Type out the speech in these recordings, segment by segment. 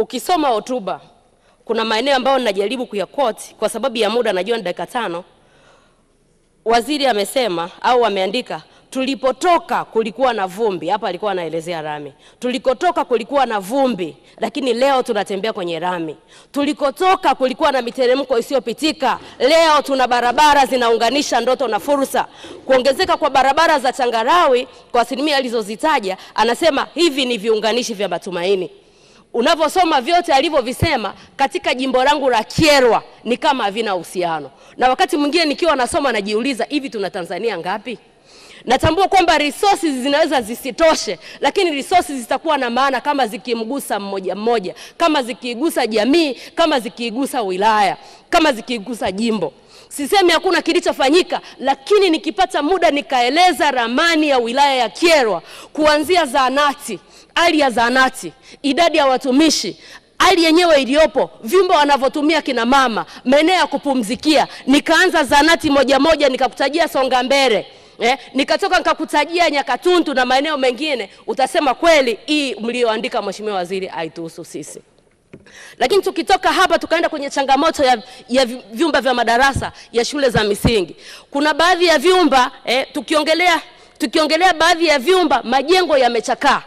Ukisoma hotuba kuna maeneo ambayo ninajaribu kuyakoti kwa sababu ya muda, najua ni dakika tano. Waziri amesema au ameandika, tulipotoka kulikuwa na vumbi. Hapa alikuwa anaelezea rami. Tulikotoka kulikuwa na vumbi, lakini leo tunatembea kwenye rami. Tulikotoka kulikuwa na miteremko isiyopitika, leo tuna barabara zinaunganisha ndoto na fursa. Kuongezeka kwa barabara za changarawi kwa asilimia alizozitaja, anasema hivi ni viunganishi vya matumaini unavyosoma vyote alivyovisema katika jimbo langu la Kyerwa ni kama havina uhusiano, na wakati mwingine nikiwa nasoma najiuliza, hivi tuna Tanzania ngapi? Natambua kwamba resources zinaweza zisitoshe, lakini resources zitakuwa na maana kama zikimgusa mmoja mmoja, kama zikigusa jamii, kama zikigusa wilaya, kama zikigusa jimbo sisemi hakuna kilichofanyika, lakini nikipata muda nikaeleza ramani ya wilaya ya Kyerwa kuanzia zaanati, hali ya zaanati, idadi ya watumishi hali yenyewe iliyopo, vyumba wanavyotumia kina mama, maeneo ya kupumzikia. Nikaanza zanati moja moja, nikakutajia Songa Mbele eh, nikatoka nikakutajia Nyakatuntu na maeneo mengine. Utasema kweli hii mlioandika, Mheshimiwa Waziri, haituhusu sisi. Lakini tukitoka hapa tukaenda kwenye changamoto ya, ya vyumba vya madarasa ya shule za misingi, kuna baadhi ya vyumba eh, tukiongelea tukiongelea baadhi ya vyumba majengo yamechakaa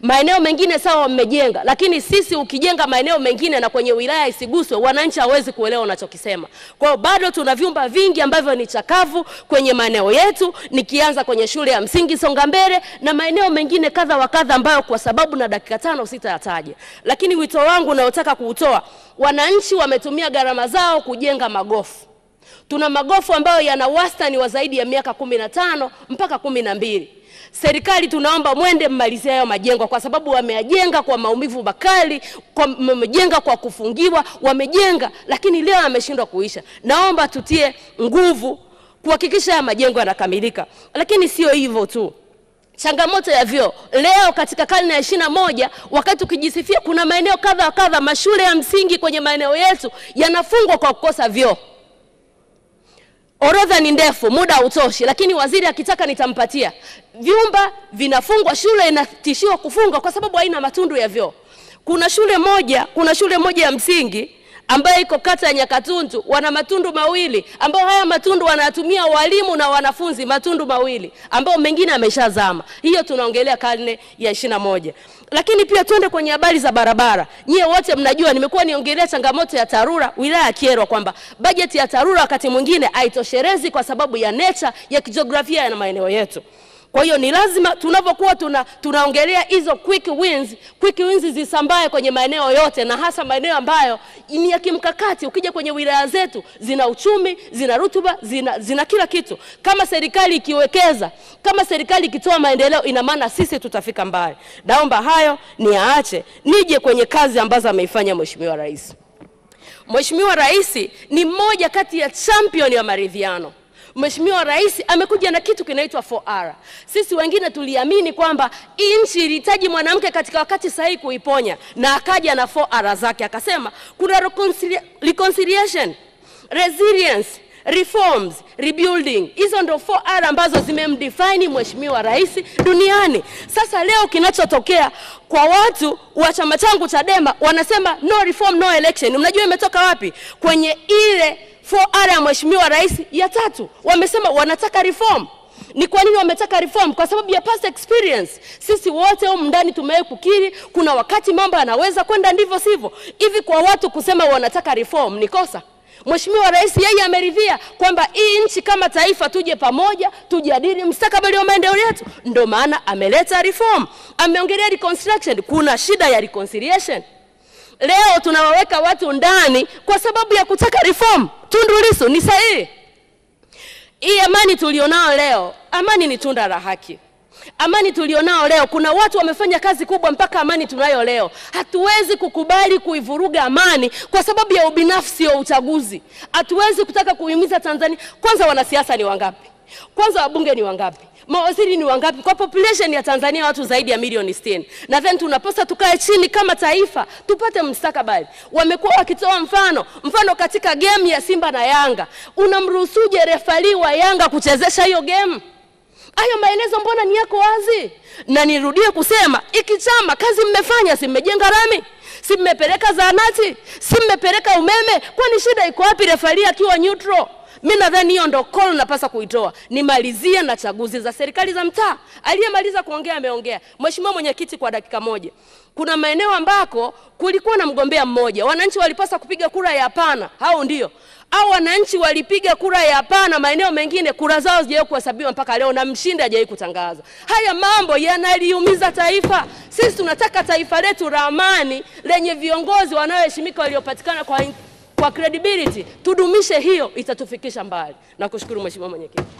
maeneo mengine sawa mmejenga, lakini sisi ukijenga maeneo mengine na kwenye wilaya isiguswe, wananchi hawezi kuelewa unachokisema. Kwa hiyo bado tuna vyumba vingi ambavyo ni chakavu kwenye maeneo yetu, nikianza kwenye shule ya msingi Songa Mbele na maeneo mengine kadha wa kadha, ambayo kwa sababu na dakika tano sitayataja, lakini wito wangu naotaka kuutoa, wananchi wametumia gharama zao kujenga magofu Tuna magofu ambayo yana wastani wa zaidi ya miaka kumi na tano mpaka kumi na mbili. Serikali tunaomba mwende mmalizie hayo majengo, kwa sababu wameajenga kwa maumivu makali, wamejenga kwa kufungiwa, wamejenga lakini leo ameshindwa kuisha. Naomba tutie nguvu kuhakikisha haya majengo yanakamilika. Lakini sio hivyo tu, changamoto ya vyoo leo katika karne ya ishirini na moja, wakati ukijisifia kuna maeneo kadha wa kadha, mashule ya msingi kwenye maeneo yetu yanafungwa kwa kukosa vyoo. Orodha ni ndefu, muda hautoshi, lakini waziri akitaka nitampatia. Vyumba vinafungwa, shule inatishiwa kufungwa kwa sababu haina matundu ya vyoo. Kuna shule moja, kuna shule moja ya msingi ambayo iko kata ya Nyakatundu wana matundu mawili ambayo haya matundu wanatumia walimu na wanafunzi, matundu mawili ambayo mengine ameshazama. Hiyo tunaongelea karne ya ishirini na moja. Lakini pia twende kwenye habari za barabara. Nyie wote mnajua, nimekuwa niongelea changamoto ya TARURA wilaya ya Kyerwa kwamba bajeti ya TARURA wakati mwingine haitoshelezi kwa sababu ya nature ya kijiografia na maeneo yetu. Kwa hiyo ni lazima tunavyokuwa tuna, tunaongelea hizo quick wins, quick wins zisambae kwenye maeneo yote na hasa maeneo ambayo ni ya kimkakati. Ukija kwenye wilaya zetu zina uchumi, zina rutuba, zina, zina kila kitu. Kama serikali ikiwekeza, kama serikali ikitoa maendeleo, ina maana sisi tutafika mbali. Naomba hayo aache nije kwenye kazi ambazo ameifanya Mheshimiwa Rais. Mheshimiwa Rais ni mmoja kati ya champion ya maridhiano. Mheshimiwa Rais amekuja na kitu kinaitwa 4R. Sisi wengine tuliamini kwamba hii nchi ilihitaji mwanamke katika wakati sahihi kuiponya, na akaja na 4R zake, akasema kuna reconciliation, resilience reforms, rebuilding. Hizo ndo 4R ambazo zimemdefine Mheshimiwa Rais duniani. Sasa leo kinachotokea kwa watu wa chama changu Chadema wanasema no reform, no election. Mnajua imetoka wapi? Kwenye ile 4R ya Mheshimiwa Rais ya tatu, wamesema wanataka reform. Ni kwa nini wametaka reform? Kwa sababu ya past experience. Sisi wote humu ndani tumewahi kukiri, kuna wakati mambo yanaweza kwenda ndivyo sivyo hivi. Kwa watu kusema wanataka reform ni kosa. Mheshimiwa Rais yeye ameridhia kwamba hii nchi kama taifa tuje pamoja, tujadili mustakabali wa maendeleo yetu, ndio maana ameleta reform. Ameongelea reconstruction, kuna shida ya reconciliation. Leo tunawaweka watu ndani kwa sababu ya kutaka reform. Tundu Lissu ni sahihi. Hii amani tulionao leo, amani ni tunda la haki. Amani tulionao leo, kuna watu wamefanya kazi kubwa mpaka amani tunayo leo. Hatuwezi kukubali kuivuruga amani kwa sababu ya ubinafsi wa uchaguzi. Hatuwezi kutaka kuhimiza Tanzania. Kwanza wanasiasa ni wangapi? Kwanza wabunge ni wangapi? Mawaziri ni wangapi? Kwa population ya Tanzania watu zaidi ya milioni 60. then tunaposa tukae chini kama taifa tupate mstakabali. Wamekuwa wakitoa mfano, mfano katika game ya Simba na Yanga, unamruhusuje refali wa Yanga kuchezesha hiyo game? Hayo maelezo mbona ni yako wazi? Na nirudie kusema iki chama kazi mmefanya, si mmejenga rami, si mmepeleka zahanati, si mmepeleka umeme. Kwani shida iko wapi refali akiwa neutral? mi nadhani hiyo ndo call napasa kuitoa. Nimalizie na chaguzi za serikali za mtaa. Aliyemaliza kuongea ameongea. Mheshimiwa Mwenyekiti, kwa dakika moja, kuna maeneo ambako kulikuwa na mgombea mmoja, wananchi walipasa kupiga kura ya hapana, hao ndio au wananchi walipiga kura ya hapana, maeneo mengine kura zao hazijawahi kuhesabiwa mpaka leo na mshindi hajawahi kutangaza. Haya mambo yanaliumiza taifa. Sisi tunataka taifa letu la amani lenye viongozi wanaoheshimika waliopatikana kwa kwa credibility, tudumishe hiyo, itatufikisha mbali. Nakushukuru Mheshimiwa Mwenyekiti.